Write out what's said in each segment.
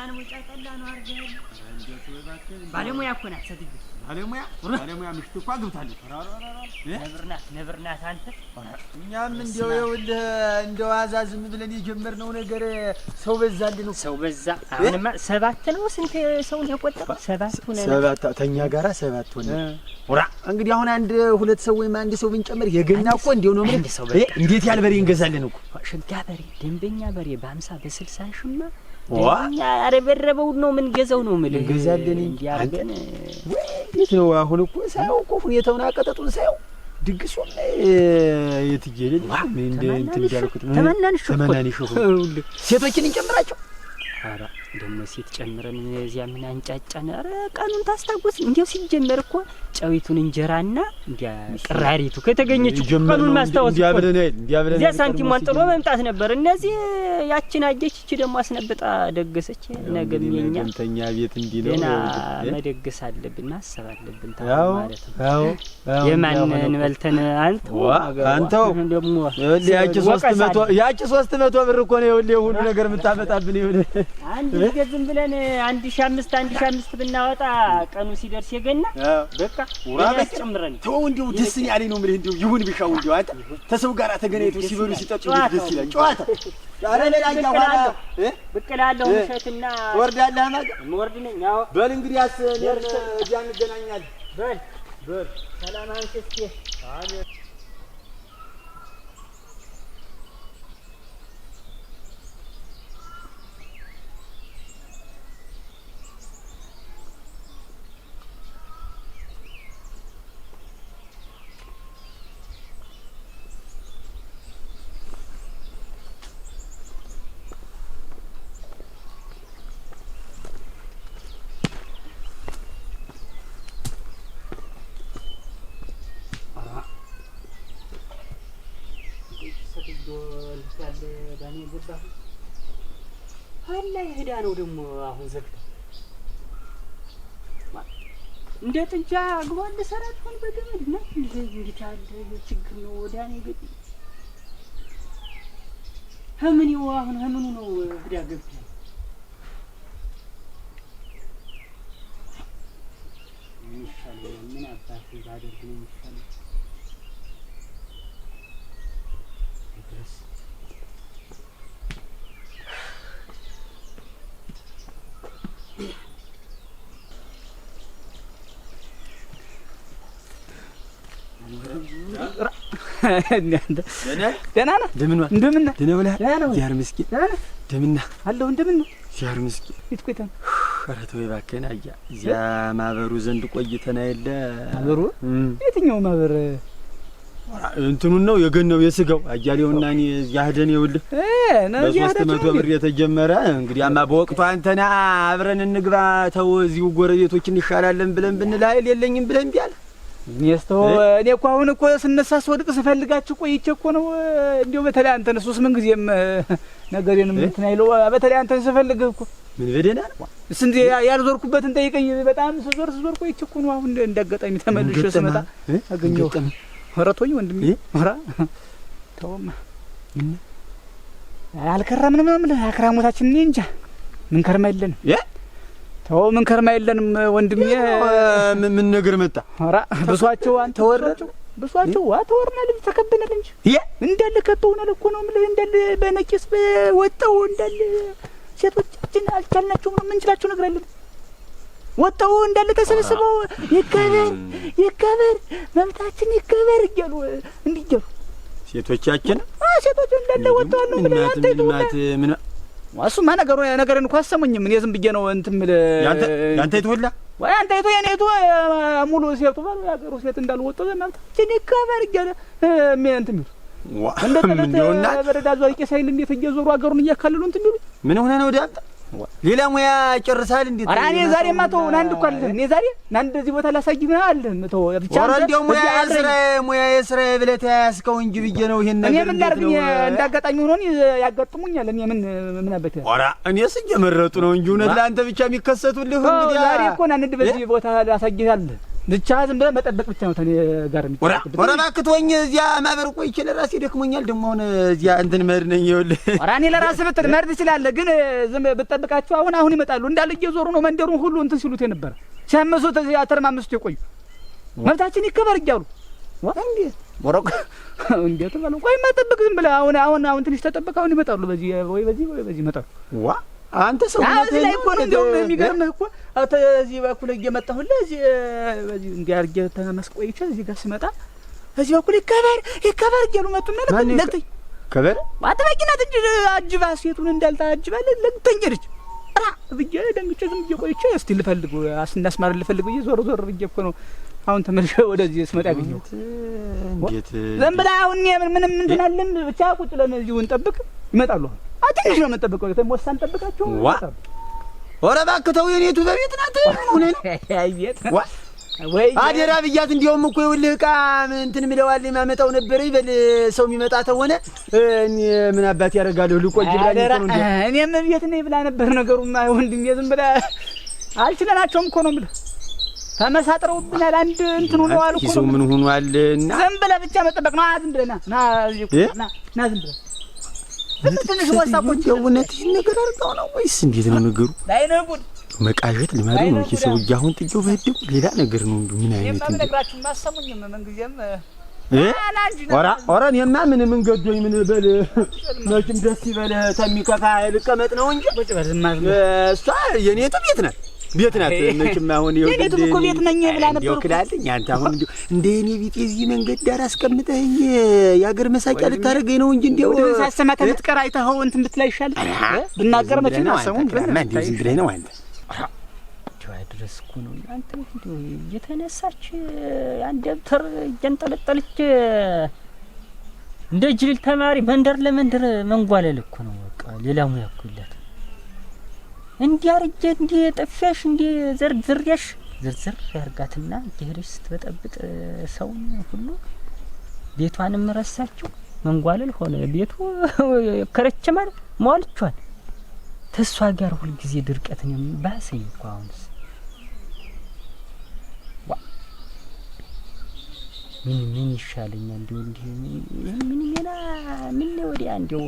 ማንሞጫ ጠላ ነው አድርገህ ባለሙያ እኮ ናት ሴትዮ። ባለሙያ ባለሙያ ምሽት እኮ አግብታለች። ነብር ናት አንተ እኛም እንደው ይኸውልህ እንደው አዛ ዝም ብለን የጀመርነው ነገር ሰው በዛልን ሰው በዛ። አሁንማ ሰባት ነው ስንት ሰው ነው የቆጠረው? ሰባት ሆነን ሰባት ተኛ ጋራ ሰባት ሆነን ውራ እንግዲህ አሁን አንድ ሁለት ሰው ወይም አንድ ሰው ብንጨምር የገና እኮ እንዲሁ ነው። ምን እንዴት ያለ በሬ እንገዛለን እኮ ሽጋ በሬ፣ ደንበኛ በሬ በሀምሳ በስልሳ ሽማ ያረበረበው ነው ምን ገዘው ነው የምልህ። እንገዛለን እንዲያርገን እንዴት ነው አሁን እኮ ሳይው እኮ ሁኔታውን አቀጠጡን ሳይው ሳየው ድግሱን የትዬ የሌለ እንትን እንዳልኩት ተመናንሽ ሁሉ ሴቶችን እንጨምራቸው ደግሞ ሴት ጨምረን እዚያ ምን አንጫጫን። ኧረ ቀኑን ታስታውስ። እንዲያው ሲጀመር እኮ ጨዊቱን እንጀራና እንዲያ ቅራሪቱ ከተገኘች ቀኑን ማስታወስ እዚያ ሳንቲሟን ጥሎ መምጣት ነበር። እነዚህ ያችን አጀች እቺ ደግሞ አስነብጣ ደገሰች። ነገ እንተኛ ቤት እንዲህ ነው። መደገስ አለብን፣ ማሰብ አለብን ማለት ነው። የማን እንበልተን አንተ አንተው ደግሞ ያቺ 300 ያቺ 300 ብር እኮ ነው ሁሉ ነገር የምታመጣብን ይሁን ድንገት ዝም ብለን አንድ ሺህ አምስት አንድ ሺህ አምስት ብናወጣ ቀኑ ሲደርስ የገና በቃ ውራበት ጨምረን ተው። እንዲሁ ደስ ያለኝ ነው የምልህ። እንዲሁ ይሁን ቢሻው እንዲሁ አንተ ተሰው ጋር ተገናኝተው ሲበሉ ሲጠጡ ደስ ይላል። ጨዋታ ዛሬ ብቅላለሁ። ውሸትና ወርዳለህ ማለት ወርድ ነኝ። አዎ በል እንግዲህ ያስ ነር እዚያ እንገናኛለን። በል በል ሰላም አንስስቴ አሜን ልጅ ያለ ባኔ ነው ደግሞ አሁን ዘግታ እንደ ጥጃ አግባ ልሰራት ሆን በገመድ እና እንዴት ያለ ችግር ነው። ወዳኔ ገብ ህምን አሁን ህምኑ ነው ግዳ ገብቶ ምን ይሻለኛል? ምን አባት ባደርግ ነው የሚሻለው? ደህና ነህ? እንደምን ዋልክ? ማህበሩ ዘንድ ቆይተን የለ ማህበሩ የትኛው ማህበር እንትኑን ነው የገነው የስጋው አያሌውና እኔ እዚያ ሄደን ይኸውልህ በሶስት መቶ ብር የተጀመረ እንግዲህ አማ በወቅቱ አንተና አብረን እንግባ ተው እዚሁ ጎረቤቶችን ይሻላለን ብለን ብንል ኃይል የለኝም ብለን ቢያል ሚስትህ እኔ እኮ አሁን እኮ ስነሳ ስወድቅ ስፈልጋችሁ ቆይቼ እኮ ነው። እንዲሁ በተለይ አንተን እሱስ ምን ጊዜም ነገሬን እንትን አይለው። በተለይ አንተን ስፈልግህ እኮ ምን በደህና ነው እስ እንደ ያልዞርኩበትን ጠይቀኝ። በጣም ስዞር ስዞር ቆይቼ እኮ ነው። አሁን እንደ አጋጣሚ ተመልሼ ስመጣ አገኘሁህ። ኧረ ተወኝ ወንድሜ፣ ኧረ ተውማ አልከረምንም። አክራሞታችን እኔ እንጃ ምን ከርማ የለንም ተው ምን ከርማ የለንም ወንድሜ። ምን ነገር መጣ? ኧረ ብሷቸው አንተ ወረቸው ብሷቸው ዋ ተወርና ተወርናል፣ ተከበናል እንጂ ይ እንዳለ ከበውናል ለኮ ነው የምልህ። እንዳለ በነቂስ ወጣው እንዳለ ሴቶቻችን አልቻልናቸውም ነው የምንችላቸው ነገር አለን። ወጣው እንዳለ ተሰብስበው ይከበር ይከበር መብታችን ይከበር እያሉ እንዲህ እያሉ ሴቶቻችን ሴቶች እንዳለ ወጣው ነው አንተ ምን እሱማ ነገሩ ነገርን እኮ አሰሙኝም። እኔ ዝም ብዬ ነው እንትም ያንተ ያንተ ይቶላ ወይ አንተ ይቶ የኔ ይቶ ሙሉ ሴቱ ባል ያገሩ ሴት እንዳልወጣ ዘናብታ እኔ ከበር ይገለ ምን እንትም ይሉ እንደ ተለት በረዳ ዟሪቄ ሳይል እንዴት እየዞሩ አገሩን እያካለሉ እንትም ይሉ ምን ሆነ ነው ወዲያ ሌላ ሙያ ጨርሰሃል እንዴ? ኧረ እኔ ዛሬ ማተው ናንድ እኮ አለ። እኔ ዛሬ ናንድ እዚህ ቦታ ላሳይ ምን አለ መተው ብቻ ነው። እንደው ሙያ ስራ ሙያ የስራ ብለህ ያስከው እንጂ ብዬ ነው ይሄን ነገር። እኔ ምን ላድርግ? እንዳጋጣሚ ሆኖ ያጋጥሙኛል። እኔ ምን ምን አበት። ኧረ እኔስ እየመረጡ ነው እንጂ እውነት ለአንተ ብቻ የሚከሰቱልህ እንግዲህ። ዛሬ እኮ ናንድ በዚህ ቦታ ላሳይህ አለ ብቻ ዝም ብለህ መጠበቅ ብቻ ነው። ተኔ ጋር የሚጠበቅ ወራ እባክህ ተወኝ። እዚያ ማህበር ቆይ ይችል ራሴ ደክሞኛል። ደግሞ አሁን እዚያ እንትን መድ ነኝ። ይኸውልህ ወራ እኔ ለራስህ ብትል መሄድ ትችላለህ፣ ግን ዝም ብትጠብቃቸው አሁን አሁን ይመጣሉ። እንዳለ እየዞሩ ነው መንደሩን ሁሉ እንትን ሲሉት የነበረ ሲያመሱ ተርማምሱት የቆዩ መብታችን ይከበር እያሉ እንዴት ወረቁ እንዴት ባለው ቆይ ማጠብቅ ዝም ብለህ አሁን አሁን አሁን ትንሽ ተጠብቅ። አሁን ይመጣሉ። በዚህ ወይ በዚህ ወይ በዚህ ይመጣሉ ዋ አንተ ሰው እዚህ ላይ እኮ ነው። እንደውም የሚገርምህ እኮ እዚህ በኩል እየመጣሁልህ እዚህ በዚህ እንዲህ አድርጌ ተመስቆይቼ እዚህ ጋር ስመጣ እዚህ በኩል ይከበር ይከበር እያሉ መጡና ለቅተኝ ከበር አጥበቂናት እንጂ አጅባ ሴቱን እንዳልታጅባለ ለቅተኝ ልጅ ራ ብዬ ደንግጬ ዝም ብዬ ቆይቼ እስቲ ልፈልግ አስናስማር ልፈልግ ብዬ ዞር ዞር ብዬ እኮ ነው አሁን ተመልሼ ወደዚህ ስመጣ ያገኘሁት እንዴት ዝም ብላ አሁን ምን ምንም እንትን አለም ብቻ ቁጭ ብለን እዚሁ እንጠብቅ። ይመጣሉ። አሁን አትንሽ ነው የምንጠብቀው። ከተም ወሳን ጠብቃቸው ዋ ወረ እባክህ ተው፣ የኔቱ በቤት ናት ምን ነው አይየት ዋ ወይ አደራ ብያት። እንዲያውም እኮ ይኸውልህ ዕቃ እንትን ምለዋል ማመጣው ነበር ይበል ሰው የሚመጣ ተሆነ እኔ ምን አባት ያደርጋለሁ ልቆይ ብላ ነው እንዴ እኔም ቤት ነኝ ብላ ነበር ነገሩማ። ወንድም ዝም ብላ አልችለናቸውም እኮ ነው የምልህ ተመሳጥረውብናል። አንድ እንትኑ ነው አልኩ ነው ምን ሆኗል? እና ዝም ብለህ ብቻ መጠበቅ ነው። ዝም ብለህ ና ና ና ና ዝም ብለህ ትንሽ ወሳቆች የውነት ይህን ነገር አድርገው ነው ወይስ እንዴት ነው ነገሩ? ላይ ነው ጉድ መቃዠት ልማዱ ነው እንጂ ሰው አሁን ጥየው በህደው ሌላ ነገር ነው እንዴ? ምን አይነት ነው ነገራችሁ? ማሰሙኝም ምንጊዜም ኧረ ኧረ እኔማ ምን ምን ገዶኝ ምን በል መቼም ደስ ይበልህ። ተሚከፋ ልቀመጥ ነው እንጂ እሷ የኔ ቤት ናት። ቤት ናት። መቼም አሁን እኔቱም እኮ ቤት ነኝ ብላ ነበር ይወክላልኝ። አንተ አሁን እንዲ እንደ እኔ ቤት እዚህ መንገድ ዳር አስቀምጠኝ የአገር መሳቂያ ልታደርገኝ ነው እንጂ እንዲያው ሳሰማ ከምትቀር አይተኸው እንትን ብትል አይሻልም? ብናገር መቼ ነው ሰሙን ብለና እንዲሁ ዝም ብለህ ነው አንተ ድረስ እኮ ነው አንተ እንዲሁ እየተነሳች አንድ ደብተር እያንጠለጠለች እንደ ጅል ተማሪ መንደር ለመንደር መንጓለል እኮ ነው። በቃ ሌላ ሙያ እኮ የላትም። እንዲህ አርጌ እንዲህ ጥፌሽ እንዲህ ዘርዝሬሽ ዝርዝር ያርጋትና እየሄደች ስትበጠብጥ ሰውን ሁሉ ቤቷንም ረሳችው። መንጓለል ሆነ ቤቱ ከረችማል ሟልቿል። ተሷ ጋር ሁልጊዜ ድርቀት ነው ባሰኝ እኮ አሁንስ ምን ምን ይሻለኛል? እንዲሁ እንዲሁ ምን ምን ገና ምን ወዲያ እንዲሁ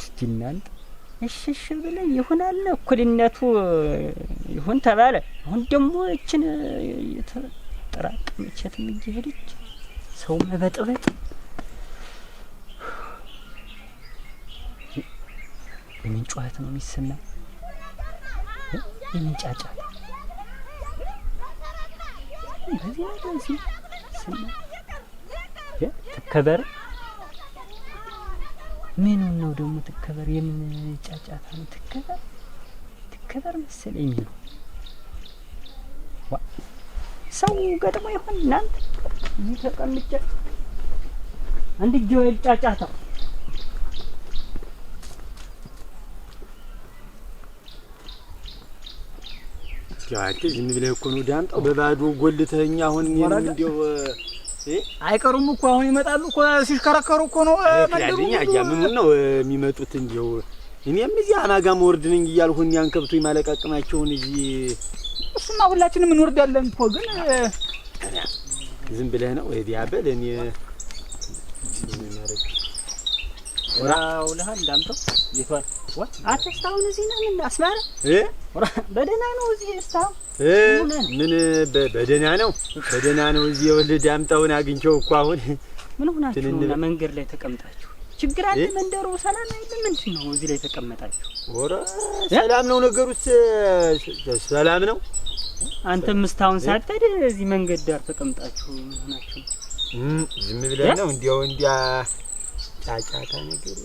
እስቲ እናንተ እሺ እሺ ብለን ይሁን አለ። እኩልነቱ ይሁን ተባለ። አሁን ደግሞ እችን የተጠራቀመች የትም እየሄደች ሰው መበጥበጥ የምን ጨዋታ ነው የሚሰማ? የምን ጫጫታ በዚህ በዚህ ስማ ትከበር ምኑን ነው ደግሞ ትከበር የምንጫጫታ ነው? ትከበር ትከበር መሰለኝ ነው። ሰው ገጥሞ ይሆን እናንተ? ይህ ተቀምጬ አንድ ጊዜ ወይ ጫጫታው ያቺ ዝም ብለህ እኮ ነው ዳምጣው በባዶ ጎልተኛ አሁን እኔ አይቀሩም እኮ አሁን ይመጣሉ እኮ ሲሽከረከሩ እኮ ነው መንደሩ። አያ ምን ነው የሚመጡት? እንዲያው እኔም እዚህ አናጋ መወርድ ነኝ እያልሁ እኒያን ከብቶ ማለቃቅማቸውን እዚህ እሱማ ሁላችንም እንወርዳለን እኮ ግን ዝም ብለህ ነው ዲያበል እኔ ምን በደህና ነው? በደህና ነው። እዚህ ወልድ አምጣውን አግኝቼው እኮ አሁን ምን ሆናችሁ ነው መንገድ ላይ ተቀምጣችሁ? ችግር አለ መንደሩ ሰላም አይደለም። ምንድን ነው እዚህ ላይ ተቀመጣችሁ? ኧረ ሰላም ነው ነገሩስ፣ ሰላም ነው። አንተም እስካሁን ሳትሄድ እዚህ መንገድ ዳር ተቀምጣችሁ ምን ሆናችሁ? ዝም ብለህ ነው እንዲያው እንዲያ ጫጫታ ነገር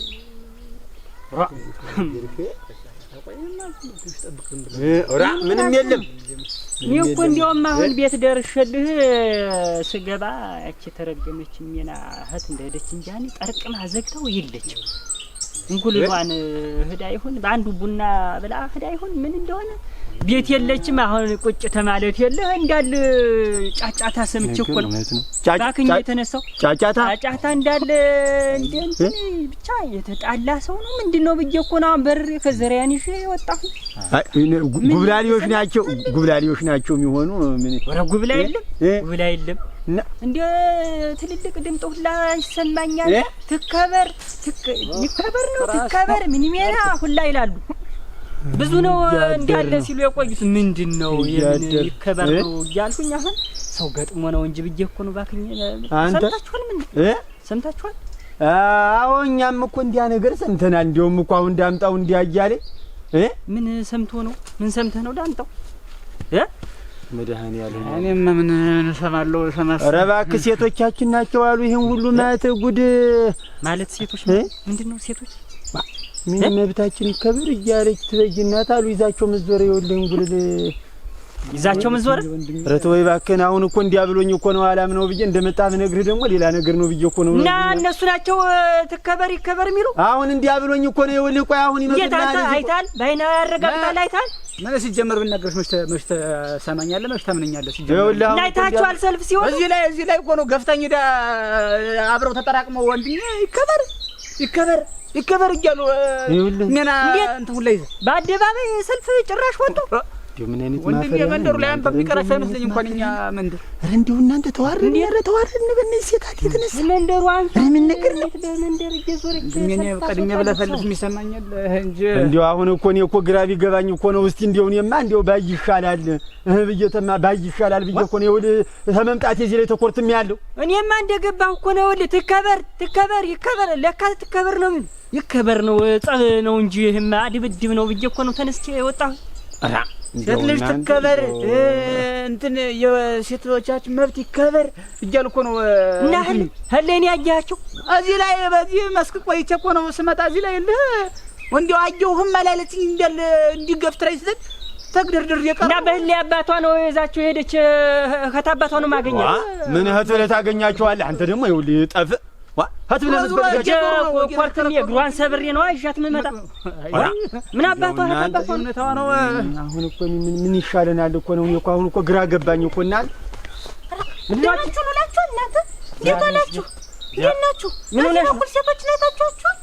ምንም የለም። እኔ እኮ እንዲያውም አሁን ቤት ደርሼልህ ስገባ ያቺ ተረገመች እኔና እህት እንደሄደች እንጂ ያኔ ጠርቅማ ዘግታው የለችም። እንጉልሏን ህዳ ይሁን በአንዱ ቡና ብላ ህዳ ይሁን ምን እንደሆነ ቤት የለችም። አሁን ቁጭ ተማለት የለ እንዳል ጫጫታ ሰምቼ እኮ ነው ባክኝ የተነሳው ጫጫታ ጫጫታ እንዳለ እንዴ ብቻ የተጣላ ሰው ነው ምንድን ነው ብዬ እኮ ነው በር ከዘሪያን ይዤ ወጣሁ። ጉብላሊዎች ናቸው ጉብላሊዎች ናቸው የሚሆኑ ምን ወራ ጉብላ የለም ጉብላ የለም እንደ ትልልቅ ድምጥ ሁላ ይሰማኛል። ትከበር ትከበር ነው ትከበር ምን ሜና ሁላ ይላሉ ብዙ ነው እንዳለ ሲሉ የቆዩት ምንድን ነው ይከበር ነው እያልኩኝ አሁን ሰው ገጥሞ ነው እንጂ ብዬ እኮ ነው። ባክኝ ሰምታችኋል? ምን ሰምታችኋል? አዎ እኛም እኮ እንዲያ ነገር ሰምተናል። እንዲያውም እኮ አሁን ዳምጣው እንዲያ እያለ ምን ሰምቶ ነው? ምን ሰምተህ ነው ዳምጣው? መድኃኒዓለም እኔማ ምን እሰማለሁ? ሰማስ ረባክ ሴቶቻችን ናቸው አሉ ይህን ሁሉ ማለት ጉድ ማለት ሴቶች ምንድን ነው ሴቶች ምን መብታችን ይከበር እያለች ትበይናት አሉ። ይዛቸው መዞር የወለኝ ጉልል ይዛቸው መዞር ኧረ ወይ እባክህን። አሁን እኮ እንዲያ ብሎኝ እኮ ነው አላም ነው ብዬ እንደመጣ ብነግርህ ደግሞ ሌላ ነገር ነው ብዬ እኮ ነው እና እነሱ ናቸው ትከበር ይከበር የሚሉ። አሁን እንዲያ ብሎኝ እኮ ነው የወልህ። ቆይ አሁን ይመጣል አይታል፣ በአይና ያረጋግጣል አይታል ምን ሲጀመር ብናገርሽ መሽተ መሽተ ሰማኛለ መሽተ ምንኛለ ሲጀመር እና አይታችኋል ሰልፍ ሲሆን እዚህ ላይ እዚህ ላይ እኮ ነው ገፍተኝ ዳ አብረው ተጠራቅመው ወንድዬ ይከበር ይከበር ይከበር እያሉ ምን እንትን ሁላ ይዘህ በአደባባይ ሰልፍ ጭራሽ ወጡ። እንዲሁ ምን አይነት ወንድም የመንደሩ ላይ አንተ የሚቀራሽ አይመስለኝ። እንኳን እኛ መንደር ኧረ እንዲሁ እናንተ ተዋረድን። ኧረ ተዋረድን በእነዚህ ሴት የተነሳ መንደሩ አንተ ምን ነገር ነው ቀድሜ ብለፈልፍ የሚሰማኝ እንጂ እንዲሁ አሁን እኮ እኔ እኮ ግራ ቢገባኝ እኮ ነው። እስቲ እንዲሁ እኔማ እንዲሁ ባይ ይሻላል ብዬ ተማ ባይ ይሻላል ብዬ እኮ ነው ይኸውልህ ተመምጣቴ እዚህ ላይ ተኮርትም ያለው እኔማ እንደገባሁ እኮ ነው። ይኸውልህ ትከበር ትከበር ይከበር ለካ ትከበር ነው ይከበር ነው ጸብ ነው እንጂ ይሄማ ድብድብ ነው ብዬ እኮ ነው ተነስቼ የወጣሁ። ሴት ልጅ ትከበር፣ እንትን የሴቶቻችን መብት ይከበር እያል እኮ ነው። እና ህሌን ያያቸው እዚህ ላይ በዚህ መስክ ቆይቼ እኮ ነው ስመጣ እዚህ ላይ ልህ እንዲያው አየሁህም እንዲል እንዲገፍት እንዲገፍትራይ ስዘግ ተግድርድር የቀረ እና በህሌ አባቷ ነው የዛቸው የሄደች እህት አባቷ ነው ማገኘት። ምን እህት ልታገኛቸዋለህ አንተ ደግሞ ይኸውልህ ጠፍእ ሀት ብለህ ምትፈልጋቸው ኮርትም የእግሯን ሰብሬ ነው ይዣት የምመጣ። ምን አባቷ አባቷ እውነታዋ ነው። አሁን እኮ ምን ይሻለናል እኮ ነው እኮ አሁን እኮ ግራ ገባኝ እኮ እናል ናችሁ ሉላችሁ እናንተ እንዴት አላችሁ? እንዴት ናችሁ? ምን ሆነ በኩል ሴቶች ነው የታችኋችኋል?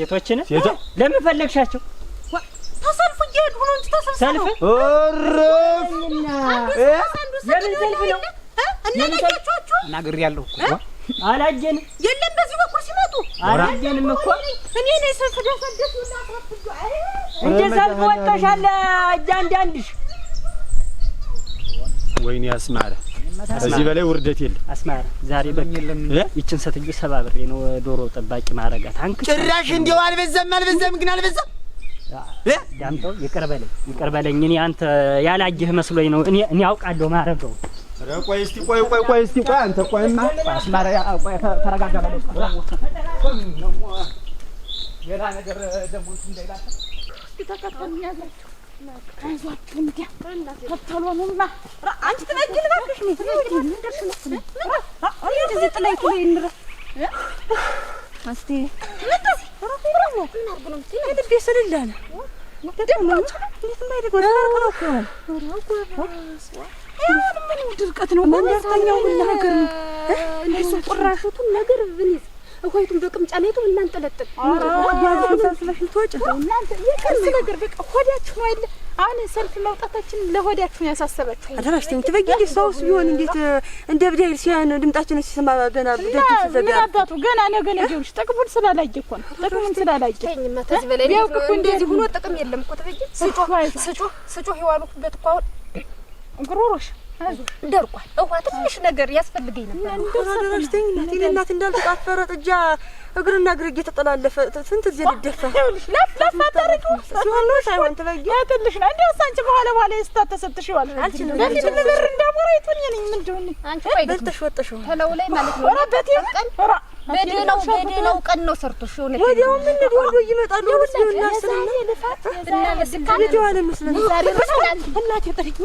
ሴቶችን ለምን ፈለግሻቸው? ተሰልፉ እየሄዱ ነው እንጂ ተሰልፍ ርፍ ለምን ሰልፍ ነው እናናቸኋችኋል? እናግሬያለሁ እኮ አላየን የለም። በዚህ በኩል ሲመጡ አላየንም እኮ እኔ ነኝ ስደሰደስ እንደ ሰልፍ ወጥተሻል። እያንዳንድሽ ወይኔ አስማረ እዚህ በላይ ውርደት የለም አስማረ ዛሬ በቃ ይችን ሴትዮ ሰባብሬ ነው ዶሮ ጠባቂ ማረጋት። አንክ ጭራሽ እንዲሁ አልበዛም፣ አልበዛም ግን አልበዛም። ዳምጠው ይቅር በለኝ፣ ይቅር በለኝ። እኔ አንተ ያላየህ መስሎኝ ነው። እኔ እኔ አውቃለሁ ማረገው ቆይ እስኪ አንተ ቆይማ ማስማሪያ ተረጋጋ። ሌላ ነገር ደግሞ እንዳይላቸው ተከተሉ ያላቸው ተከተሉንማ። አንቺ ትነጊ ልባለሽ እንደዚህ ጥላይ ንረ እስኪ ልቤ ስልል አለ ደግሞ እንዴትማ ይደግ ወደ ምን ድርቀት ነው? መንደርተኛው ምን ነገር ነው? እሱ ቆራሽቱን ነገር ብንይዝ እኮይቱን በቅምጫ ላይ ቱ እናንጠለጥል ቀስ ነገር በቃ ሆዳችሁ ነው አይደለ? አሁን ሰልፍ መውጣታችን ለሆዳችሁ ነው ያሳሰባችሁ። አደራሽተኝ ትበጊ ሰውስ ቢሆን እንዴት እንደ ብዳይል ሲያን ድምጣችን ሲሰማ ገና ምን አባቱ ገና ነገ ነገ ይልሽ ጥቅሙን ስላላየ እኮ ነው። ጥቅሙን ስላላየ ቢያውቅ እኮ እንደዚህ ሆኖ ጥቅም የለም እኮ ትበጊ ስጮህ ስጮህ የዋሉበት እኮ አሁን ጉሮሮሽ ደርቋል። እዋ ትንሽ ነገር ያስፈልገኝ ነበር። ደረሽተኝ እናቴ ለእናት እንዳልተጣፈረ ጥጃ እግርና እግር እየተጠላለፈ ስንት ጊዜ ልደፋ ላፍ ላፍ አታረቂው ሲሆን ነው ሳይሆን ትበጊ ትልሽ ነው እንዲያው አንቺ በኋላ በኋላ የስታተሰብትሽ ይዋል በፊት ነገር እንዳሞራ ይቱን ነኝ ምን እንደሆነ አንቺ በልተሽ ወጥሽ ተለው ላይ ማለት ነው ራ በቴ ራ በደህናው በደህናው ቀን ነው ሰርቶሽ እውነት ወዲያው ምን ሊወዱ ይመጣሉ ወዲያው እናስልና እና ለስካለ ወዲያው አለ መስለኝ ዛሬ እናቴ ጠሪኝ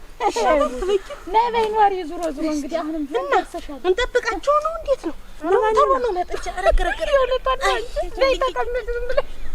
ነይ ኗሪ። ዙሮ ዙሮ እንግዲህ አሁንም እንጠብቃቸው ነው። እንዴት ነው? ነው ነው መጠጫ ረግረግ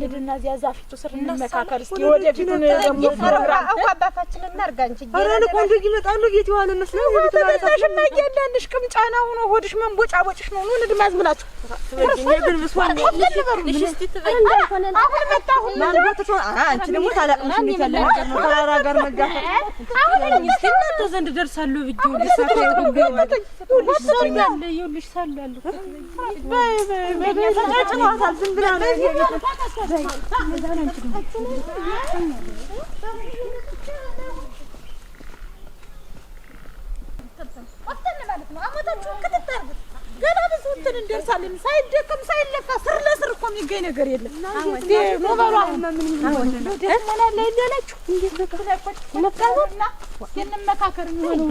ሂድና እዚያ እዛ ፊቱ ስር እንመካከል እስኪ። ወደፊት ደግሞ አባታችን እናድርግ። አንቺ እያንዳንድሽ ቅም ሆኖ ሆድሽ መንቦጫ ቦጭሽ ነው። ኑ እንድማዝ ብላችሁ እናንተ ዘንድ ደርሳለሁ ብዬሽ እንደርሳለን። ሳይደከም ሳይለፋ ስር ለስር እኮ የሚገኝ ነገር የለም። ሞባይሏ ላይ ሌላችሁ እንመካከር የሚሆነው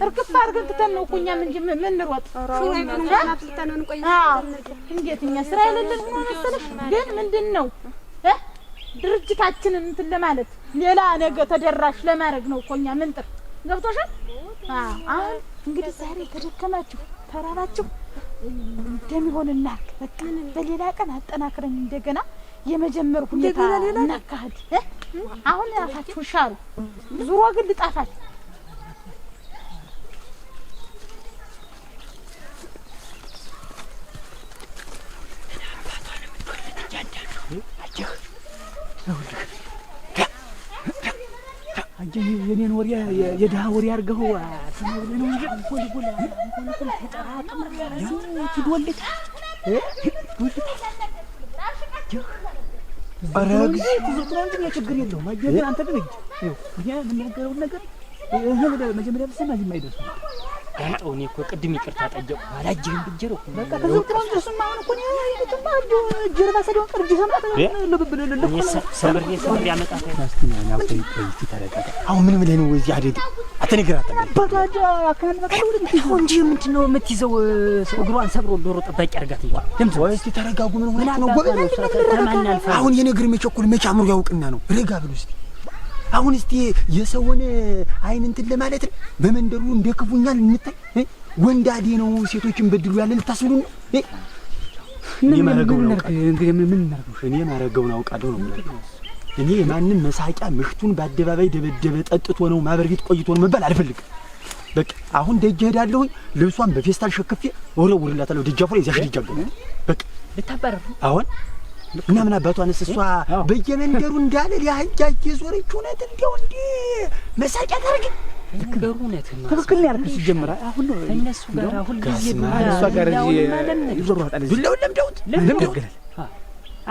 እርግፍ አድርገን ትተን ነው እኮ ምን እንጂ የምንሮጥ እንዴት እኛ ስራ የሌለን ሆኖ መሰለሽ። ግን ምንድን ነው ድርጅታችንን እንትን ለማለት ሌላ ነገ ተደራሽ ለማድረግ ነው እኮ እኛ ጥር ገብቶሻል። አሁን እንግዲህ ዛሬ ተደከማችሁ፣ ተራራችሁ እንደሚሆን እናድርግ። በቃ በሌላ ቀን አጠናክረን እንደገና የመጀመር ሁኔታ እናካሂድ። አሁን አፋችሁን ሻሩ፣ ዙሮ ግን ልጣፋል አየህ ይኸውልህ አንቺ የኔን ወሬ የድሀ ወሬ አድርገው አትነግረህ ነው እንጂ ችግር የለውም። አንተ ግን እጅ እኔ የምናገረውን ነገር መጀመሪያ ብትሰማ እዚህ የማይደርሱ ዳምጠው እኔ እኮ ቅድም ይቅርታ ጠየቁ አላጅህም ብጀሮ በቃ ከዚህ ትሮን እኮ ጀርባ ያመጣት አሁን ምን ነው እዚህ የምትይዘው? እግሯን ሰብሮ ዶሮ ጠባቂ አርጋት ይዋል ድምጽ ወይ ተረጋጉ። ምን ሆነ ነው አሁን የነገር ያውቅና ነው ረጋ አሁን እስቲ የሰውን አይን እንትን ለማለት ነው። በመንደሩ እንደ ክፉኛል እንታይ ወንድ አዴ ነው ሴቶችን በድሉ ያለ ልታስሉ ነው። እኔ ማረገው ነው እንግዲህ ምን ምን እኔ ማረገው ነው አውቃለሁ ነው እኔ የማንም መሳቂያ ምሽቱን በአደባባይ ደበደበ ጠጥቶ ነው ማህበር ቤት ቆይቶ ነው መባል አልፈልግም። በቃ አሁን ደጅ እሄዳለሁኝ። ልብሷን በፌስታል ሸክፌ ወረውርላታለሁ። ደጃፉ ላይ እዚያሽ ደጃገ በቃ ልታባረሩ አሁን እና ምን አባቷንስ እሷ በየመንደሩ እንዳለ ሊያህጃ እየዞረች እውነት እንዲያው እንዲ መሳቂያ ታርግ። ትክክል አሁን እነሱ ጋር አሁን ጊዜ ጋር ለምደውት ለምደውት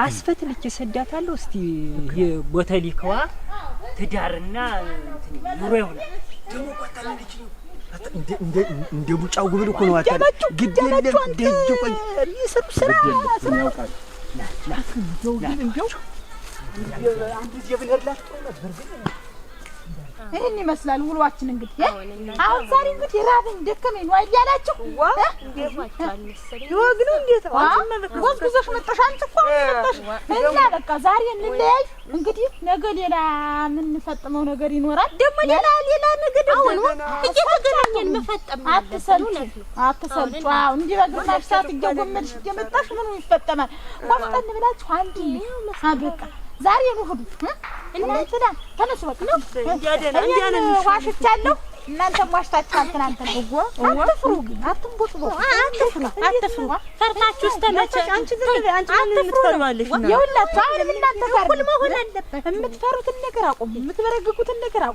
አስፈት ልክ እስቲ የቦተሊከዋ ትዳርና ኑሮ ይሆናል እንደ ቡጫው ጉብል እኮ ነው። አታ ግድ የለም ደጅ ቆይ ይሰሩ ስራ ስራ ና ና ይህን ይመስላል ውሏችን። እንግዲህ አሁን ዛሬ እንግዲህ የራበኝ ደከመኝ ነው እያላችሁ ወግኑ እንዴት ወግ መጣሽ አንቺ እኮ መጣሽ እና በቃ ዛሬ እንለያይ። እንግዲህ ነገ ሌላ የምንፈጥመው ነገር ይኖራል። ደግሞ ሌላ ሌላ ነገር ደግሞ እየተገናኘን መፈጠም አትሰልቹ፣ አትሰልቹ። አዎ እንዲህ በግማሽ ሰዓት እየጎመድሽ እየመጣሽ ምኑ ይፈጠማል። ቆፍጠን ብላችሁ አንድ ነው ዛሬ ነው እሑዱ። እናንተ ዳ ተነሱ በቃ ነው ዋሽቻለሁ፣ እናንተም ዋሽታችኋል። ትናንት ነው እጎ አትፍሩ፣ አትፍሩ፣ አትፍሩ። ፈርታችሁ ይኸውላችሁ አሁንም እናንተ ጋር መሆን አለበት። የምትፈሩትን ነገር አቁሙ፣ የምትበረግጉትን ነገር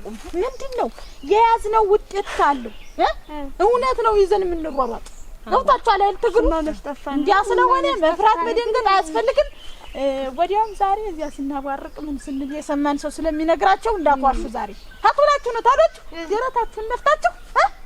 ምንድን ነው የያዝነው ውጤት አለው። እውነት ነው ይዘን የምንሯሯጥ ገብቷችኋል አይደል? ትግሉ እንዲያ ስለሆነ መፍራት መደንገጥ አያስፈልግም። ወዲያውም ዛሬ እዚያ ስናቧርቅ ምን ስንል የሰማን ሰው ስለሚነግራቸው እንዳትዋሹ ዛሬ ታትውላችሁ ነው ታሎች ዜረታችሁን ነፍታችሁ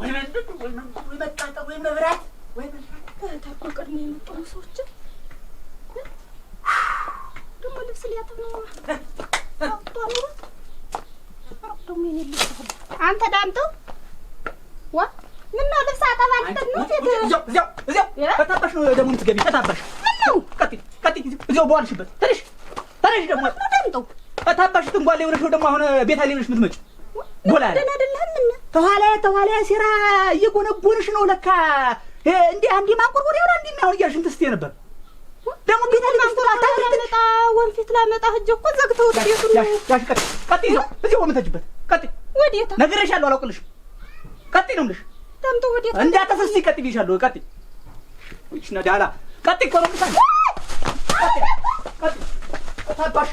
ወይ መንገድ ወይ መንገድ ወይ መቃጠል ወይ መብራት ወይ መብራት ታኮ ቅድሜ የመጣው ሰዎችን ደግሞ ልብስ ሊያጥብ ነው ደግሞ የኔ ልብስ አንተ ዳምጠው ዋ ምነው ልብስ አጠባ ልጠብ ነው እዚያው እዚያው ከታባሽ ነው ደግሞ የምትገቢ ከታባሽ ምነው ቀጥይ ቀጥይ እዚያው በዋልሽበት ትንሽ ትንሽ ደግሞ ዳምጠው ከታባሽ ትንጓሌ ሆነሽ ደግሞ አሁን ቤታ ሌሆነሽ የምትመጪው ጎላ ተኋላ ተኋላ ሴራ እየጎነጎንሽ ነው ለካ። እንዲ አንዲ ማንቆርቆር ይሆናል እንዲ ነው እያልሽ እንትን ስትይ ነበር። ደግሞ ቤታ ሊመስቶ ላታመጣ ወንፊት ላመጣ ህጅ እኮ ዘግተው ቤቱ ያሽ ቀጥ ቀጥ ይዞ እዚህ ወምተጅበት ቀጥ ወዴታ ነግሬሻለሁ። አላውቅልሽ ቀጥ ነው የምልሽ። ደምቶ ወዴታ እንዳታሰስቲ ቀጥ ይሻለሁ። ቀጥ እሺ ነዳላ ቀጥ እኮ ነው የምልሽ። ቀጥ ቀጥ ታባሽ